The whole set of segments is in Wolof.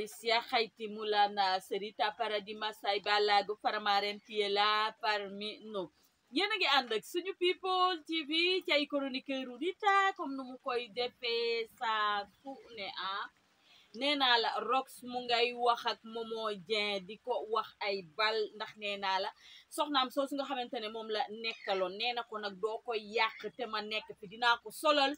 Malaysia, Haiti, Moulana, Serita Paradima, Saiba Lago, Faramaren qui est là parmi no yéen a ngi ànd ak suñu people TV ci ay chroniqueur Rita comme nu mu koy defee saa su ne ah nee naa la Rox mu ngay wax ak Momo Dieng di ko wax ay bal ndax nee naa la soxnaam soosu nga xamante ne moom la nekkaloon nee ko nag doo koy yàq te ma nekk fi dinaa ko solal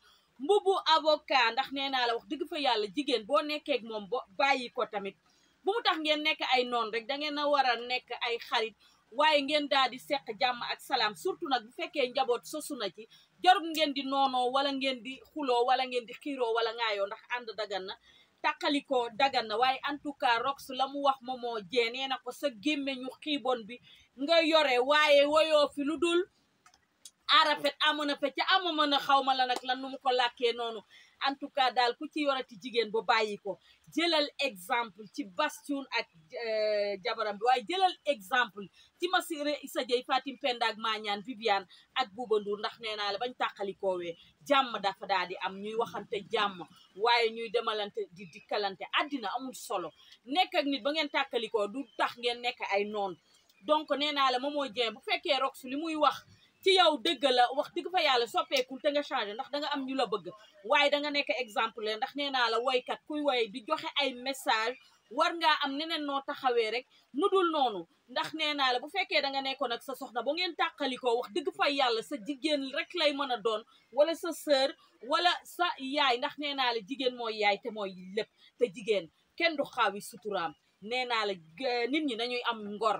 mbubu avocat ndax nee naa la wax diggu fa yàlla jigéen boo nekkeek moom boo bàyyi ko tamit bu mu tax ngeen nekk ay noon rek dangeen ngeen a war a nekk ay xarit waaye ngeen daal di seq jàmm ak salaam surtout nag bu fekkee njaboot sosu na ci jarul ngeen di noonoo wala ngeen di xuloo wala ngeen di xiiroo wala ngaayoo ndax ànd dagan na taqalikoo dagan na waaye en rox la mu wax momoo jee nee na ko sa gémmeñu xiiboon bi nga yore waaye woyoo fi lu dul arafet amoon na fecc amoon mën a xawma la nag lan nu mu ko làkkee noonu en tout cas daal ku ci yorati jigéen ba bàyyi ko jëlal exemple ci Bastoun ak euh, jabaram bi waaye jëlal exemple ci Massiré Issa Dieye i Penda ak Mañaan Viviane ak Bouba Ndour ndax nee naa bañ tàqalikoowee jàmm dafa daal di am ñuy waxante jàmm waaye ñuy demalante di dikkalante àddina amul solo nekk ak nit ba ngeen tàqalikoo du tax ngeen nekk ay noon donc nee naa la Momo Dieng bu fekkee Rox li muy wax ci yow dëgg la wax dëgg fa yàlla soppeekul te nga changé ndax da nga am ñu la bëgg waaye danga nga nekk exemple ndax nee naa la woykat kuy woy di joxe ay message war ngaa am neneen noo taxawee rek nu dul noonu ndax nee naa la bu fekkee danga nekkoon ak sa soxna ba ngeen tàqalikoo wax dëgg fa yàlla sa jigéen rek lay mën a doon wala sa sœur wala sa yaay ndax nee naa la jigéen mooy yaay te mooy lépp te jigéen kenn du xaawi suturaam nee naa la nit ñi nañuy am ngor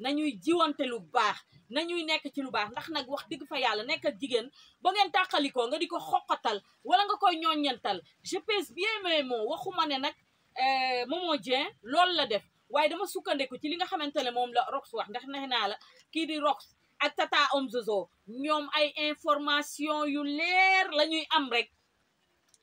nañuy jiwante lu baax nañuy nekk ci lu baax ndax nag wax dëgg fa yàlla nekk ak jigéen ba ngeen tàqalikoo nga di ko xoqatal wala nga koy ñooññantal je pèse bien mes mots waxuma ne nag euh, Momo Dieng loolu la def waaye dama sukkandiku ci li nga xamante ne moom la Rox wax ndax nee naa la kii di Rox ak Tata Om Zozo ñoom ay information yu leer la ñuy am rek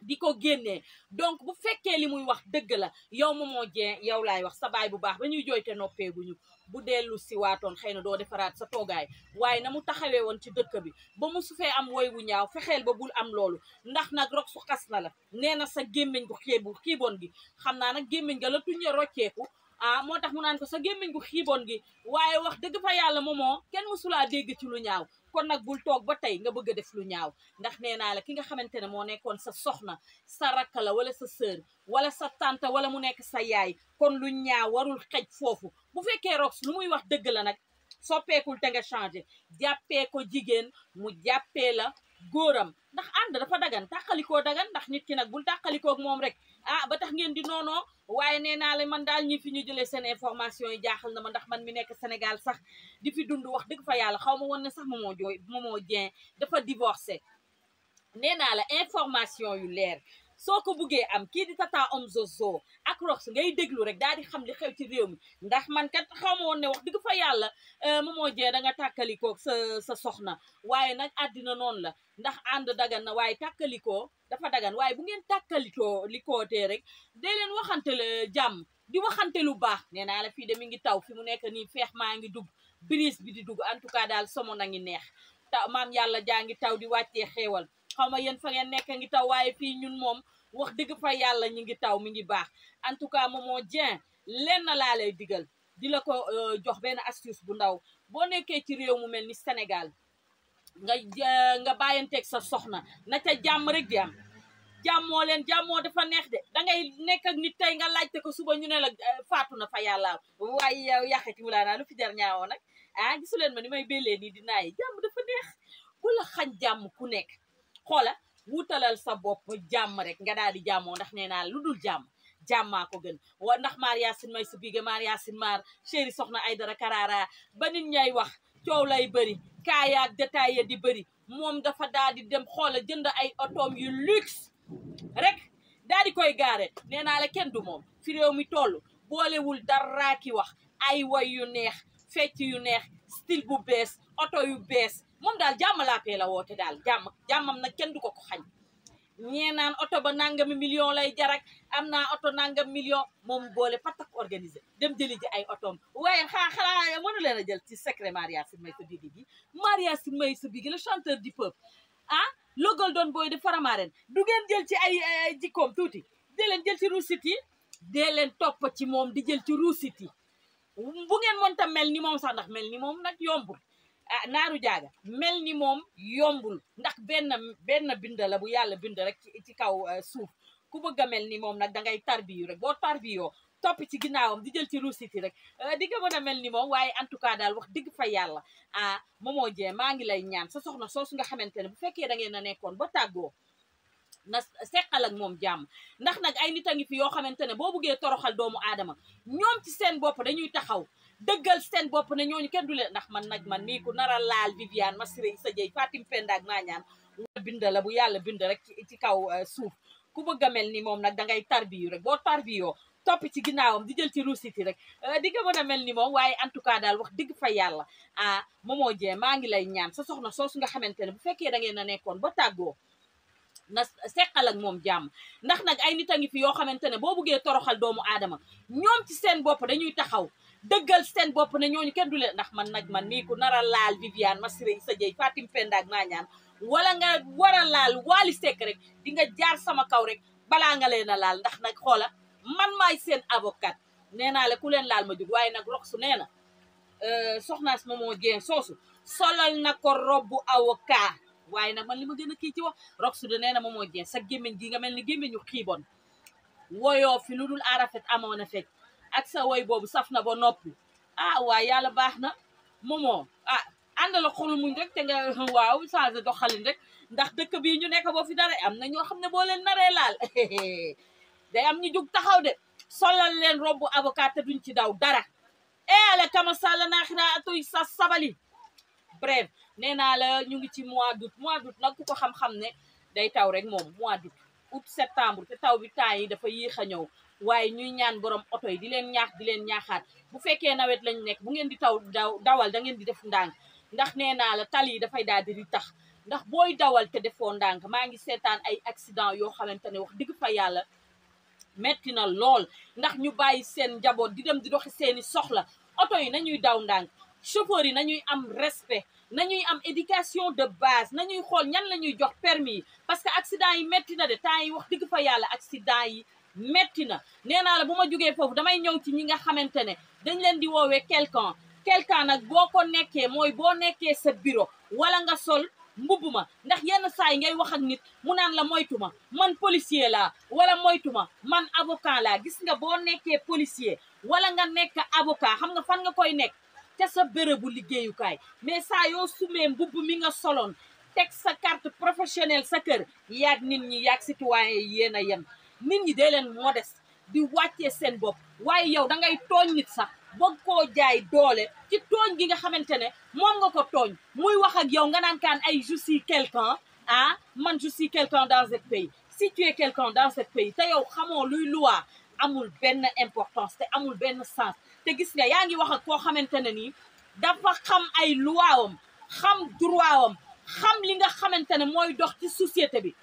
di ko génnee donc bu fekkee li muy wax dëgg la yow Momo Dieng yow laay wax sa baay bu baax ba ñuy jooyte noppee guñu bu dellu si waatoon xëy na doo defaraat sa toogaay waaye na mu taxawee woon ci dëkk bi ba mu su fee am woy wu ñaaw fexeel ba bul am loolu ndax nag rok su xas na la nee na sa gémmiñ gu xiibu xiiboon gi xam naa nag gémmiñ ga la tuñe rocceeku ah moo tax mu naan ko sa gémmiñ gu xiiboon gi waaye wax dëgg fa yàlla moo kenn mësulaa dégg ci lu ñaaw kon nag bul toog ba tey nga bëgg a def lu ñaaw ndax nee naa la ki nga xamante ne moo nekkoon sa soxna sa rakk la wala sa sœur wala sa tante wala mu nekk sa yaay kon lu ñaaw warul xej foofu bu fekkee rox lu muy wax dëgg la nag soppeekul te nga changé jàppee ko jigéen mu jàppee la góoram ndax ànd dafa dagan tàqalikoo dagan ndax nit ki nag bul tàqalikook moom rek ah ba tax ngeen di noonoo waaye nee naa la man daal ñi fi ñu jëlee seen information yi jaaxal na ma ndax man mi nekk Sénégal sax di fi dund wax dëgg fa yàlla xaw ma woon ne sax Momo Jooy Momo Dieng dafa divorcé nee naa la information yu leer soo ko buggee am kii di tata om zozo ak rox ngay déglu rek daal di xam li xew ci réew mi ndax man kat xaw ne wax di dëgg fa yàlla euh, Momo Dieng da danga tàkkalikoo sa sa soxna waaye nag àddina noonu la ndax ànd dagan na waaye tàkkalikoo dafa dagan waaye bu ngeen tàkkalikoo likootee rek dee leen waxante la jàmm di waxante lu baax nee naa la fii dem mi ngi taw fi mu nekk nii feex maa ngi dugg brise bi di dugg en cas daal somo na ngi neex ta maam yàlla jaa ngi taw di wàccee xeewal xaw ma yéen fa ngeen nekk ngi taw waaye fii ñun moom wax dëgg fa yàlla ñi ngi taw mi ngi baax en tout cas Momo Dieng lenn laa lay digal di la ko euh, jox benn astuce bu ndaw boo nekkee ci réew mu mel ni Sénégal nga euh, nga bàyyanteeg sa soxna na ca jàmm rek jàmmoo leen jàmmoo dafa neex de dangay nekk ak nit tey nga laajte ko suba ñu ne la euh, faatu na fa yàlla waaye yow yàqeti laa naa lu fi jar ñaawoo nag ah gisuleen ma ni may bellee nii dinaa naayi jàmm dafa neex jàmm ku nekk xoola wutalal sa bopp jàmm rek nga daal di jàmmoo ndax nee naa lu dul jàmm jàmmaa ko gën wa ndax maar yaasin may su bige maar maar chéri soxna ay dara karaara ba nit ñay wax coow lay bari kaayaak détail ya di bari moom dafa daldi di dem xoola jënd ay otoom yu luxe rek daal koy gaare nee naa la kenn du moom fi réew mi toll boolewul dara ki wax ay woy yu neex fecc yu neex style bu bees oto yu bees moom daal jàmm laa pee la woote daal jàmm jàmmam nag kenn du ko ko xañ ñee naan oto ba nangami million lay jarak am naa oto nangam million moom boole patak organisé dem jëli ji ay otoom waaye xaa xalaa mënu leen a jël ci secret Maria Sy Maysa Bigué bi Maria Sy Maysa Bigué le chanteur du peuple ah logal doon booy de faramaaren du ngeen jël ci ay jikkoom tuuti dee jël ci ruusit yi dee leen topp ci moom di jël ci ruusit yi bu ngeen mënta mel ni moom sax ndax mel ni moom nag yombul Ah, naaru jaaga mel ni moom yombul ndax benn benn bind la bu yàlla bind rek ci kaw eh, suuf ku bëgg a mel ni moom nag da ngay tarbiyu rek boo tarbiyoo topp ci ginnaawam di jël ci ruusiti rek eh, di ga mën a mel ni moom waaye en tout cas daal wax dëgg fa yàlla ah Momo Dieng maa ngi lay ñaan sa soxna soo su nga xamante ne bu fekkee da ngeen a nekkoon ba tàggoo na seqal ak moom jàmm ndax nag ay nit a ngi fi yoo xamante ne boo buggee toroxal doomu aadama ñoom ci seen bopp dañuy taxaw dëggal seen bopp ne ñooñu kenn du lee ndax man nag man mii ku nar a laal Viviane Massiré Issa Dieye Fatim Penda ak Mañaan la bind la bu yàlla bind rek ci kaw euh, suuf ku bëgg a mel ni moom nag dangay ngay tarbiyu rek boo tarbiyoo topp ci ginnaawam di jël ci ruusiti rek euh, di nga mën a mel ni moom waaye en tout cas daal wax dëgg fa yàlla ah moo Dieng maa ngi lay ñaan sa soxna soosu nga xamante ne bu fekkee da ngeen a nekkoon ba tàggoo na seqal ak moom jàmm ndax nag ay nit a yoo xamante ne boo buggee toroxal doomu aadama ñoom ci seen bopp dañuy taxaw dëggal seen bopp ne ñooñu kenn du lee ndax man nag man mii ku nar a laal Viviane Massiré Issa Dieye Fatim Penda ak Mañaan wala nga war a laal waali Seck rek di nga jaar sama kaw rek balaa nga leen laal ndax nag xoola man maay seen avocat nee naa la ku leen laal ma jóg waaye nag rox su nee na euh, soxnaas ma moo jeen soosu solal na ko robbu avocat waaye nag man li ma gën a kii ci wax rox su de nee na ma moo jeen sa gémmiñ gi nga mel ni gémmiñu xiibon woyoo fi lu dul arafet amoon na fekk ak sa woy boobu saf na ba noppi ah waa yàlla baax na moomoo ah àndala xolu muñ rek te nga waaw changé doxalin rek ndax dëkk bii ñu nekk boo fi dara am na ñoo xam ne boo leen naree laal day am ñu jug taxaw de solal leen robb avocat te duñ ci daw dara e ale kama sall naaxira atoy sa sabali bref nee naa la ñu ngi ci mois d'août mois d'août nag ku ko xam-xam ne day taw rek moom mois d'août août septembre te taw bi temps yi dafa yéex a ñëw waaye ñuy ñaan borom oto yi di leen ñaax di leen ñaaxaat bu fekkee nawet lañ nekk bu ngeen di taw daw dawal da ngeen di def ndànk ndax nee naa la tali yi dafay daal di di tax ndax booy dawal te defoo ndànk maa ngi seetaan ay accident yoo xamante ne wax dëgg fa yàlla metti na lool ndax ñu bàyyi seen njaboot di dem di doxi seeni soxla oto yi nañuy daw ndànk chauffeur yi nañuy am respect nañuy am éducation de base nañuy xool ñan la ñuy jox permis yi parce que accident yi metti na de temps yi wax dëgg fa yàlla accident yi metti na nee naa la bu ma jógee foofu damay ñëw ci ñi nga xamante ne dañ leen di woowee quelqu'un quelqu'un nag boo ko nekkee mooy boo nekkee sa bureau wala nga sol mbubb ma ndax yenn saa yi ngay wax ak nit mu naan la moytu ma man policier la wala moytu ma man avocat la gis nga boo nekkee policier wala nga nekk avocat xam nga fan nga koy nekk ca sa bérébu liggéeyukaay mais saa yoo sumee mbubb mi nga soloon teg sa carte professionnelle sa kër yaag nit ñi yaag citoyen yi yéen a yem nit ñi dee leen modeste di wàccee seen bopp waaye yow da ngay tooñ nit sax bëgg koo jaay doole ci tooñ gi nga xamante ne moom nga ko tooñ muy wax ak yow nga naan kaan ay je suis quelqu'un ah man je suis quelqu'un dans ce pays si tu es quelqu'un dans ce pays te yow xamoo luy loi amul benn importance te amul benn sens te gis nga yaa ngi wax ak koo xamante ne nii dafa xam ay loi xam droit am xam li nga xamante ne mooy dox ci société bi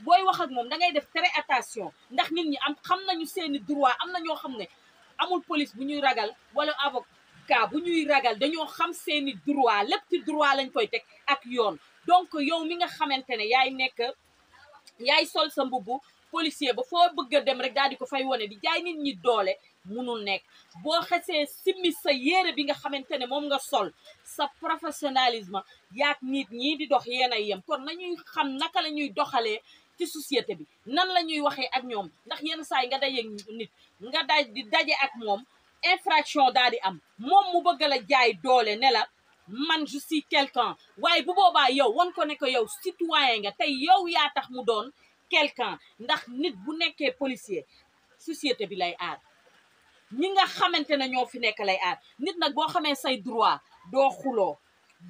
booy wax ak moom dangay def très attention ndax nit ñi am xam nañu seeni droit am na ñoo xam ne amul police bu ñuy ragal wala avocat bu ñuy ragal dañoo xam seeni droit lépp droit lañ koy teg ak yoon donc yow mi nga xamante ne yaay nekk yaay sol sa mbubb policier ba foo bëgg a dem rek daal di ko fay wone di jaay nit ñi doole munul nekk boo xesee simmi sa yére bi nga xamante ne moom nga sol sa professionnalisme yaat nit ñii di dox yéen a yem kon nañuy xam naka la ñuy doxalee ci société bi nan la ñuy waxee ak ñoom ndax yenn saa yi nga daje nit nga daj di daje ak moom infraction daal di am moom mu bëgg la jaay doole ne la man je suis quelqu'un waaye bu boobaa yow wan ko ne ko yow citoyen nga tey yow yaa tax mu doon quelqu'un ndax nit bu nekkee policier société bi lay aar ñi nga xamante ne ñoo fi nekk lay aar nit nag boo xamee say droit doo xuloo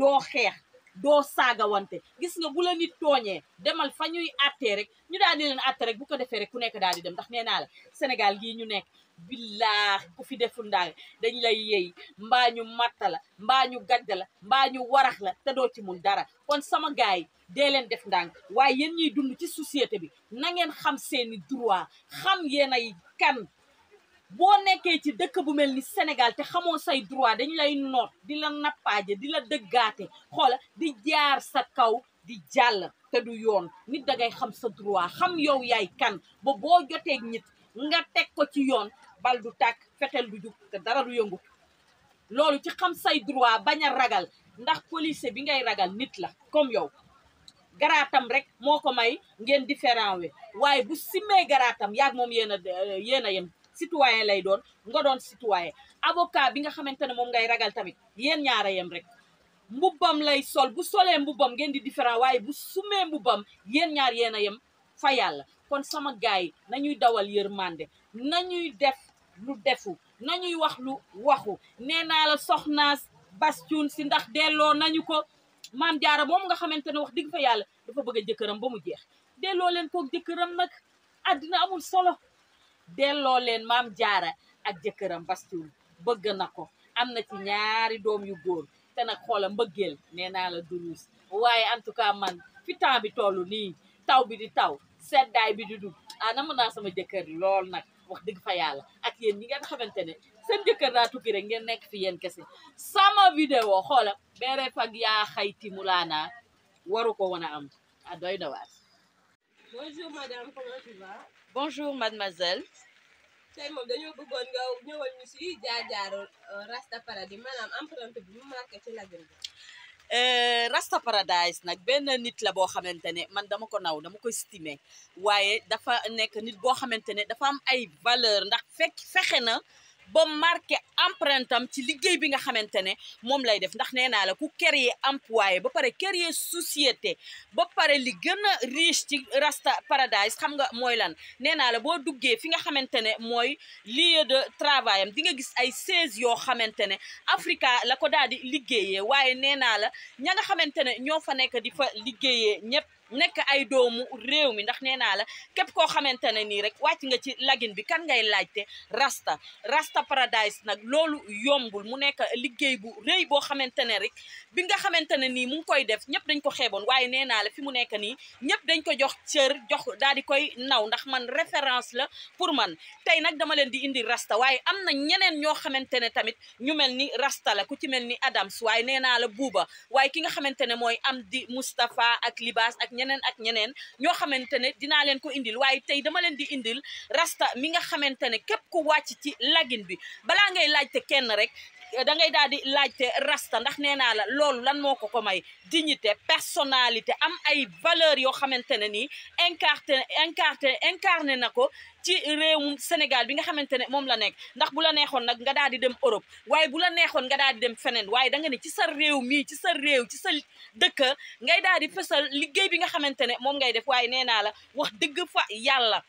doo xeex doo saagawante gis nga bu la nit tooñee demal fa ñuy àttee rek ñu daal di leen àtte rek bu ko defee rek ku nekk daal di dem ndax nee naa la Sénégal gii ñu nekk billaahi ku fi deful ndaa dañ lay yey mbaa ñu matta la mbaa ñu gàdd la mbaa ñu warax la te doo ci mun dara kon sama gars yi dee leen def ndànk waaye yéen ñuy dund ci société bi nangeen xam seeni droit xam yéen ay kan boo nekkee ci dëkk bu mel ni Sénégal te xamoo say droit dañu lay noot di la nappaaje di la dëggaate xoola di jaar sa kaw di jàll te yoon nit da xam sa droit xam yow yaay kan ba boo joteeg nit nga teg ko ci yoon bal du tàkk fetel du jug te dara du yëngu loolu ci xam say droit bañ a ragal ndax police bi ngay ragal nit la comme yow garatam rek moo ko may ngeen différent we waaye bu simmee garatam yaag moom yéen a yéen a yem citoyen lay doon nga doon citoyen avocat bi nga xamante ne moom ngay ragal tamit yéen ñaara yem rek mbubbam lay sol bu solee mbubbam ngeen di différent waaye bu sumee mbubbam yéen ñaar yéen a yem fa yàlla kon sama gaay yi nañuy dawal yërmande nañuy def lu defu nañuy wax lu waxu nee naa la soxnaas bastion si ndax delloo nañu ko maam jaara moom nga xamante ne wax dëgg fa yàlla dafa bëgg a jëkkëram ba mu jeex delloo leen koog jëkkëram nag àddina amul solo delloo leen maam jaara ak jëkkëram bastion bëgg na ko am na ci ñaari doom yu góor te nag xoola mbëggeel nee naa la duruus waaye en tout cas man fi temps bi toll nii taw bi di taw seddaay bi di dugg ah naa sama jëkkër lool nag wax dëgg fa yàlla ak yéen ñi ngeen xamante ne seen jëkkër daa tukki ngeen nekk fi yéen kese sama vidéo xoola beere fag yaa xayti mulaana waru ko woon a am a ah, doy na waar bonjour madame comment tu vas bonjour mademoiselle tey moom dañoo bëggoon nga ñëwal ñu si jaar jaaru euh, Rasta Paradis maanaam empreinte bi mu marqué ci label bi Euh, Rasta Paradise nag benn nit la boo xamante ne man dama ko naw dama ko stimer waaye dafa nekk nit boo xamante ne dafa am ay valeur ndax fekk fexe na ba marqué emprentam ci liggéey bi nga xamante ne moom lay def ndax nee naa la ku créer employé ba pare créer société ba pare li gën a riche ci Rasta Paradise xam nga mooy lan nee naa la boo duggee fi nga xamante ne mooy lieu de travail am di nga gis ay seize yoo xamante ne Africa la ko daal di liggéeyee waaye nee naa la ña nga xamante ne ñoo fa nekk di fa liggéeyee ñëpp nekk ay doomu réew mi ndax nee naa la képp koo xamante ne nii rek wàcc nga ci lagin bi kan ngay laajte rasta rasta paradise nag loolu yombul mu nekk liggéey bu rëy boo xamante ne rek bi nga xamante ne nii mu ngi koy def ñëpp dañ ko xeeboon waaye nee naa la fi mu nekk nii ñëpp dañ ko jox cër jox daal di koy naw ndax man référence la pour man tey nag dama leen di indi rasta waaye am na ñeneen ñoo xamante ne tamit ñu mel ni rasta la ku ci mel ni Adams waaye nee naa la buuba waaye ki nga xamante ne mooy am di Moustapha ak Libaas ak ñeneen ak ñeneen ñoo xamante ne dinaa leen ko indil waaye tey dama leen di indil rasta mi nga xamante ne képp ku wàcc ci lagin bi balaa ngay laajte kenn rek da ngay daal di laajte rasta ndax nee naa la loolu lan moo ko ko may dignité personnalité am ay valeur yoo xamante ne nii incarné incarné incarné na ko ci réewum Sénégal bi nga xamante ne moom la nekk ndax bu la neexoon nag nga daal di dem Europe waaye bu la neexoon nga daal di dem feneen waaye danga nga ne ci sa réew mii ci sa réew ci sa dëkk ngay daal di fësal liggéey bi nga xamante ne moom ngay def waaye nee naa la wax dëgg fa yàlla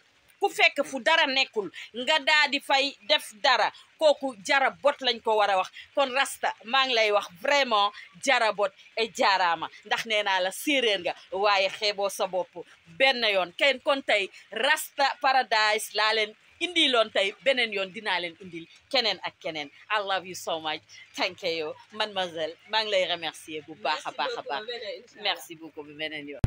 ku fekk fu dara nekkul nga daa di fay def dara kooku jara lañ ko war a wax kon rasta maa ngi lay wax vraiment jarabot bot e jaaraama ndax nee naa la séeréer nga waaye xeeboo sa bopp benn yoon kenn kon tey rasta paradise laa leen indi loon tey beneen yoon dinaa leen indil keneen ak keneen I love you so much thank you mademoiselle maa ngi lay remercier bu baax a baax a baax merci beaucoup bi beneen yoon